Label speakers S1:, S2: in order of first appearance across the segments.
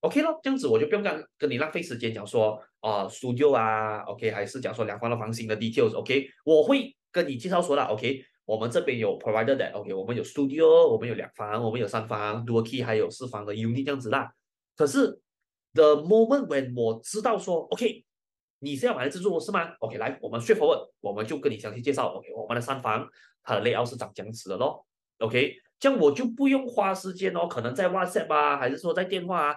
S1: O K 咯，這樣子我就不用跟跟你浪費時間，講說啊 studio 啊，O K，還是講說兩房的房型的 details，O K，我會跟你介紹說了，O K，我們這邊有 provider 的，O K，我們有 studio，我們有兩房，我們有三房，dual key，還有四房的 unit，這樣子啦。可是 the moment when 我知道說，O K，你是要買來自住是嗎？O K，來，我們 straight forward，我們就跟你詳細介紹，O K，我們的三房，它的 layout 是長這樣子的咯，O K，這樣我就不用花時間哦，可能在 WhatsApp 啊，還是說在電話啊。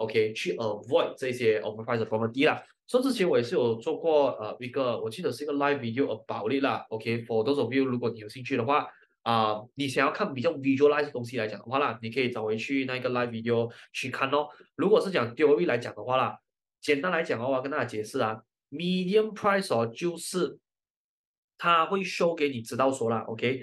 S1: OK，去 avoid 這些 overpriced property 啦。所以之前我也是有做過，呃，一個，我記得是一個 live video aboutit 啦。OK，for those of you 如果你有興趣的話，啊，你想要看比較 visualize 東西來講的話啦，你可以找回去那一個 live video 去看咯。如果是講 TV 來講的話啦，簡單來講的話，我要跟大家解釋啦，median price 哦，就是，它會 show 給你知道，說啦，OK。